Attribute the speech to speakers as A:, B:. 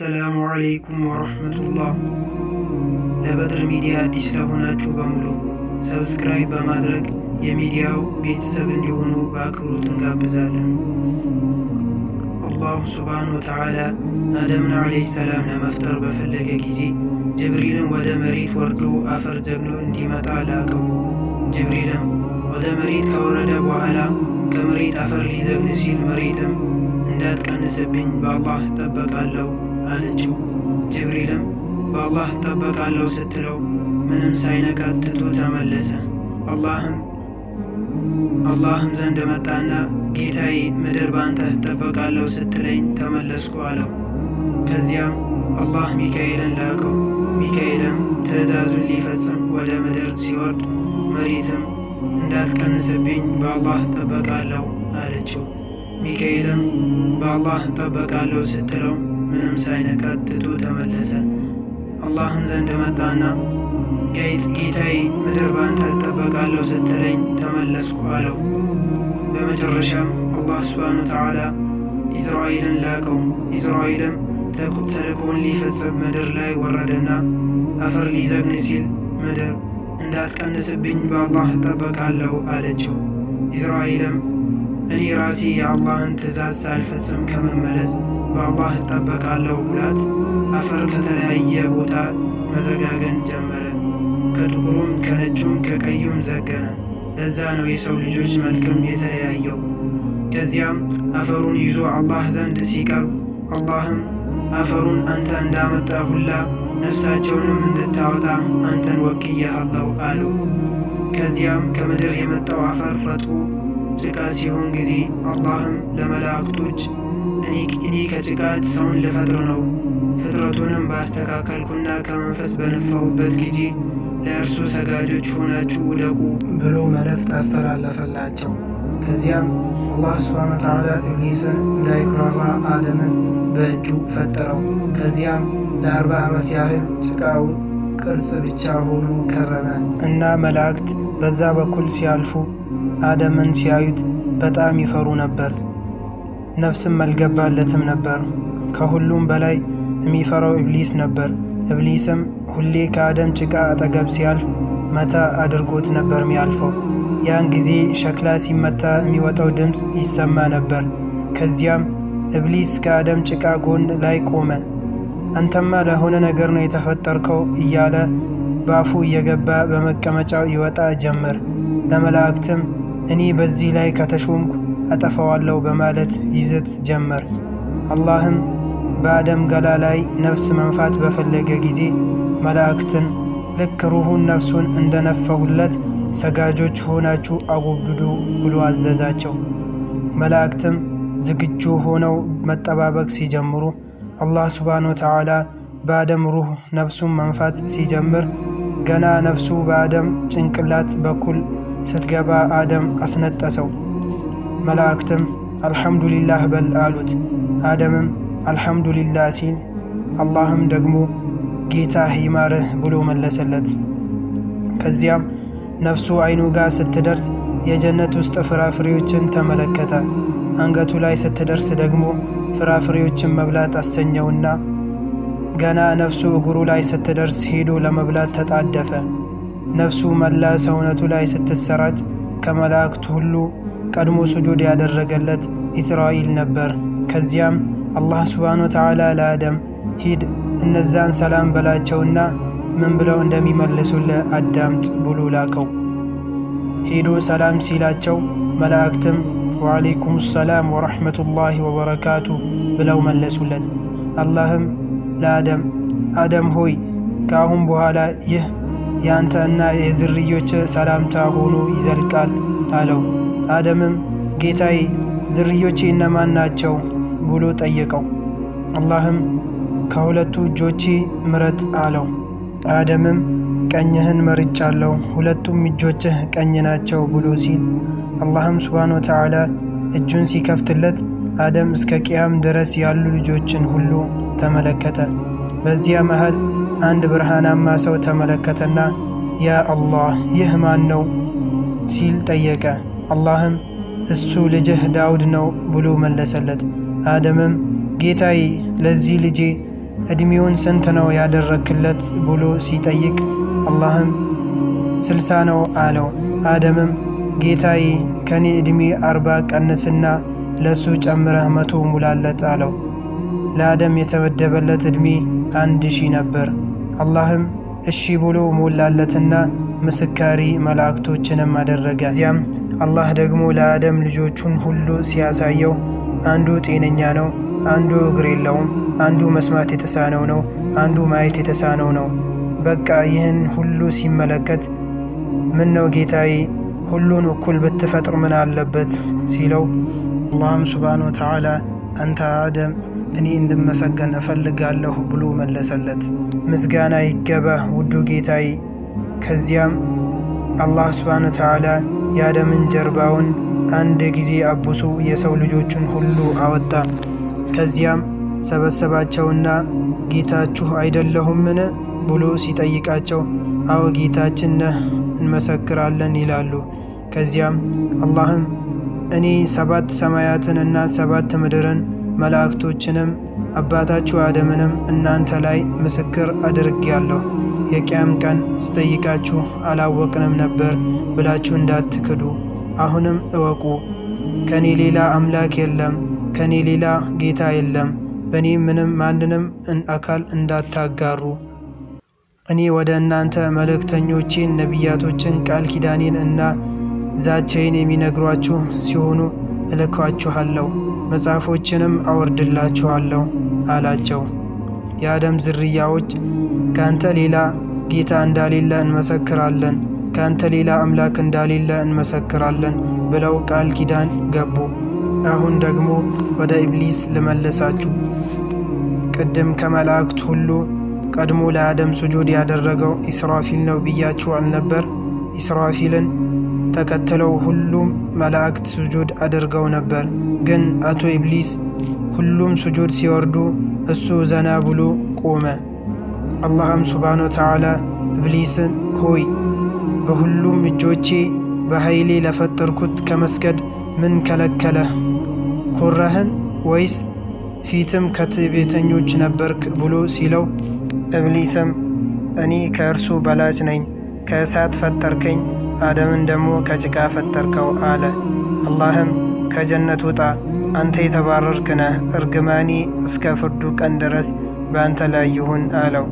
A: السلام عليكم ورحمة الله لبدر ميديا دي سابونا جوبا ملو سبسكرايب بمدرك يا ميديا بيت سبن يونو باكرو تنقاب زالن الله سبحانه وتعالى آدم عليه السلام لما افتر بفلق جيزي جبريل ودا مريت وردو افر زبنو اندي ما تعلاكو جبريل ودا مريت كوردا بوعلا كمريت افر لي سيل مريتم እንዳትቀንስብኝ በአላህ እጠበቃለሁ አለችው። ጅብሪልም በአላህ እጠበቃለሁ ስትለው ምንም ሳይነካት ትቶ ተመለሰ። አላህም አላህም ዘንድ መጣና ጌታዬ ምድር በአንተ እጠበቃለሁ ስትለኝ ተመለስኩ አለው። ከዚያም አላህ ሚካኤልን ላከው። ሚካኤልም ትእዛዙን ሊፈጽም ወደ ምድር ሲወርድ መሬትም እንዳትቀንስብኝ በአላህ እጠበቃለሁ አለችው። ሚካኤልም በአላህ እንጠበቃለሁ ስትለው ምንም ሳይነካት ትቶ ተመለሰ። አላህም ዘንድ መጣና ጌታዬ ምድር ባንተ እጠበቃለሁ ስትለኝ ተመለስኩ አለው። በመጨረሻም አላህ ስብሓነ ወተዓላ ኢዝራኤልን ላከው። ኢዝራኤልም ተልእኮውን ሊፈጽም ምድር ላይ ወረደና አፈር ሊዘግን ሲል ምድር እንዳትቀንስብኝ በአላህ እጠበቃለሁ አለችው። ኢዝራኤልም እኔ ራሴ የአላህን ትእዛዝ ሳልፈጽም ከመመለስ በአላህ እጠበቃለሁ ብላት አፈር ከተለያየ ቦታ መዘጋገን ጀመረ። ከጥቁሩም ከነጩም ከቀዩም ዘገነ። ለዛ ነው የሰው ልጆች መልክም የተለያየው። ከዚያም አፈሩን ይዞ አላህ ዘንድ ሲቀርብ አላህም አፈሩን አንተ እንዳመጣ ሁላ ነፍሳቸውንም እንድታወጣ አንተን ወክያለሁ አለው። ከዚያም ከምድር የመጣው አፈር ረጡ ጭቃ ሲሆን ጊዜ አላህም ለመላእክቶች እኔ ከጭቃት ሰውን ልፈጥር ነው፣ ፍጥረቱንም ባስተካከልኩና ከመንፈስ በነፋሁበት ጊዜ ለእርሱ ሰጋጆች ሆናችሁ ውደቁ ብሎ መልእክት አስተላለፈላቸው። ከዚያም አላህ ስብሓነ ተዓላ ኢብሊስን እንዳይኩራራ አደምን በእጁ ፈጠረው። ከዚያም ለአርባ ዓመት ያህል ጭቃው ቅርጽ ብቻ ሆኖ ከረመ እና መላእክት በዛ በኩል ሲያልፉ አደምን ሲያዩት በጣም ይፈሩ ነበር። ነፍስም አልገባለትም ነበር። ከሁሉም በላይ የሚፈራው ኢብሊስ ነበር። ኢብሊስም ሁሌ ከአደም ጭቃ አጠገብ ሲያልፍ መታ አድርጎት ነበር የሚያልፈው። ያን ጊዜ ሸክላ ሲመታ የሚወጣው ድምፅ ይሰማ ነበር። ከዚያም ኢብሊስ ከአደም ጭቃ ጎን ላይ ቆመ። አንተማ ለሆነ ነገር ነው የተፈጠርከው እያለ ባፉ እየገባ በመቀመጫው ይወጣ ጀመር። ለመላእክትም እኔ በዚህ ላይ ከተሾምኩ አጠፋዋለሁ በማለት ይዘት ጀመር። አላህም በአደም ገላ ላይ ነፍስ መንፋት በፈለገ ጊዜ መላእክትን ልክ ሩሁን ነፍሱን እንደነፈሁለት ሰጋጆች ሆናችሁ አጎብዱ ብሎ አዘዛቸው። መላእክትም ዝግጁ ሆነው መጠባበቅ ሲጀምሩ አላህ ሱብሓነሁ ወተዓላ በአደም ሩህ ነፍሱን መንፋት ሲጀምር ገና ነፍሱ በአደም ጭንቅላት በኩል ስትገባ አደም አስነጠሰው። መላእክትም አልሐምዱሊላህ በል አሉት። አደምም አልሐምዱሊላህ ሲል አላህም ደግሞ ጌታህ ይማርህ ብሎ መለሰለት። ከዚያም ነፍሱ አይኑ ጋር ስትደርስ የጀነት ውስጥ ፍራፍሬዎችን ተመለከተ። አንገቱ ላይ ስትደርስ ደግሞ ፍራፍሬዎችን መብላት አሰኘውና ገና ነፍሱ እግሩ ላይ ስትደርስ ሄዶ ለመብላት ተጣደፈ። ነፍሱ መላ ሰውነቱ ላይ ስትሰራጭ ከመላእክት ሁሉ ቀድሞ ስጁድ ያደረገለት ኢስራኤል ነበር። ከዚያም አላህ ሱብሓነሁ ወተዓላ ለአደም ሂድ እነዛን ሰላም በላቸውና ምን ብለው እንደሚመልሱልህ አዳምጥ ብሎ ላከው። ሄዶ ሰላም ሲላቸው መላእክትም ወዓለይኩም ሰላም ወረሕመቱላሂ ወበረካቱ ብለው መለሱለት። አላህም ለአደም አደም ሆይ ከአሁን በኋላ ይህ የአንተ እና የዝርዮች ሰላምታ ሆኖ ይዘልቃል አለው። አደምም ጌታዬ ዝርዮቼ እነማን ናቸው ብሎ ጠየቀው። አላህም ከሁለቱ እጆቼ ምረጥ አለው። አደምም ቀኝህን መርጫለሁ፣ ሁለቱም እጆችህ ቀኝ ናቸው ብሎ ሲል አላህም ስብሓነ ወተዓላ እጁን ሲከፍትለት አደም እስከ ቅያም ድረስ ያሉ ልጆችን ሁሉ ተመለከተ። በዚያ መሃል አንድ ብርሃናማ ሰው ተመለከተና ያ አላህ ይህ ማን ነው ሲል ጠየቀ። አላህም እሱ ልጅህ ዳውድ ነው ብሎ መለሰለት። አደምም ጌታዬ ለዚህ ልጄ ዕድሜውን ስንት ነው ያደረክለት ብሎ ሲጠይቅ አላህም ስልሳ ነው አለው። አደምም ጌታዬ ከኔ ዕድሜ አርባ ቀንስና ለሱ ጨምረህ መቶ ሙላለት አለው። ለአደም የተመደበለት ዕድሜ አንድ ሺህ ነበር። አላህም እሺ ብሎ ሞላለትና ምስካሪ መላእክቶችንም አደረገ። እዚያም አላህ ደግሞ ለአደም ልጆቹን ሁሉ ሲያሳየው አንዱ ጤነኛ ነው፣ አንዱ እግር የለውም፣ አንዱ መስማት የተሳነው ነው፣ አንዱ ማየት የተሳነው ነው። በቃ ይህን ሁሉ ሲመለከት ምን ነው ጌታዬ ሁሉን እኩል ብትፈጥር ምን አለበት ሲለው አላህም ሱብሓነሁ ወተዓላ አንተ አደም እኔ እንድመሰገን እፈልጋለሁ ብሎ መለሰለት። ምስጋና ይገባ ውዱ ጌታዬ። ከዚያም አላህ ስብሓነ ተዓላ የአደምን ጀርባውን አንድ ጊዜ አብሶ የሰው ልጆችን ሁሉ አወጣ። ከዚያም ሰበሰባቸውና ጌታችሁ አይደለሁምን ብሎ ሲጠይቃቸው አዎ ጌታችን ነህ እንመሰክራለን ይላሉ። ከዚያም አላህም እኔ ሰባት ሰማያትን እና ሰባት ምድርን መላእክቶችንም አባታችሁ አደምንም እናንተ ላይ ምስክር አድርጌያለሁ። የቅያም ቀን ስጠይቃችሁ አላወቅንም ነበር ብላችሁ እንዳትክዱ። አሁንም እወቁ፣ ከኔ ሌላ አምላክ የለም፣ ከኔ ሌላ ጌታ የለም። በእኔ ምንም ማንንም አካል እንዳታጋሩ። እኔ ወደ እናንተ መልእክተኞቼን ነቢያቶችን ቃል ኪዳኔን እና ዛቸይን የሚነግሯችሁ ሲሆኑ እልኳችኋለሁ። መጽሐፎችንም አወርድላችኋለሁ አላቸው። የአደም ዝርያዎች ካንተ ሌላ ጌታ እንዳሌለ እንመሰክራለን፣ ካንተ ሌላ አምላክ እንዳሌለ እንመሰክራለን ብለው ቃል ኪዳን ገቡ። አሁን ደግሞ ወደ ኢብሊስ ልመልሳችሁ። ቅድም ከመላእክት ሁሉ ቀድሞ ለአደም ስጁድ ያደረገው ኢስራፊል ነው ብያችሁ አልነበር? ኢስራፊልን ተከትለው ሁሉም መላእክት ስጁድ አድርገው ነበር። ግን አቶ ኢብሊስ ሁሉም ስጁድ ሲወርዱ እሱ ዘና ብሎ ቆመ። አላህም ሱብሓነ ወተዓላ ኢብሊስን ሆይ በሁሉም እጆቼ በኃይሌ ለፈጠርኩት ከመስገድ ምን ከለከለህ? ኩራህን ወይስ ፊትም ከትዕቢተኞች ነበርክ ብሎ ሲለው ኢብሊስም እኔ ከእርሱ በላጭ ነኝ፣ ከእሳት ፈጠርከኝ አደምን ደግሞ ከጭቃ ፈጠርከው አለ። አላህም ከጀነት ውጣ፣ አንተ የተባረርክነህ ነህ፣ እርግማኔ እስከ ፍርዱ ቀን ድረስ በአንተ ላይ ይሁን አለው።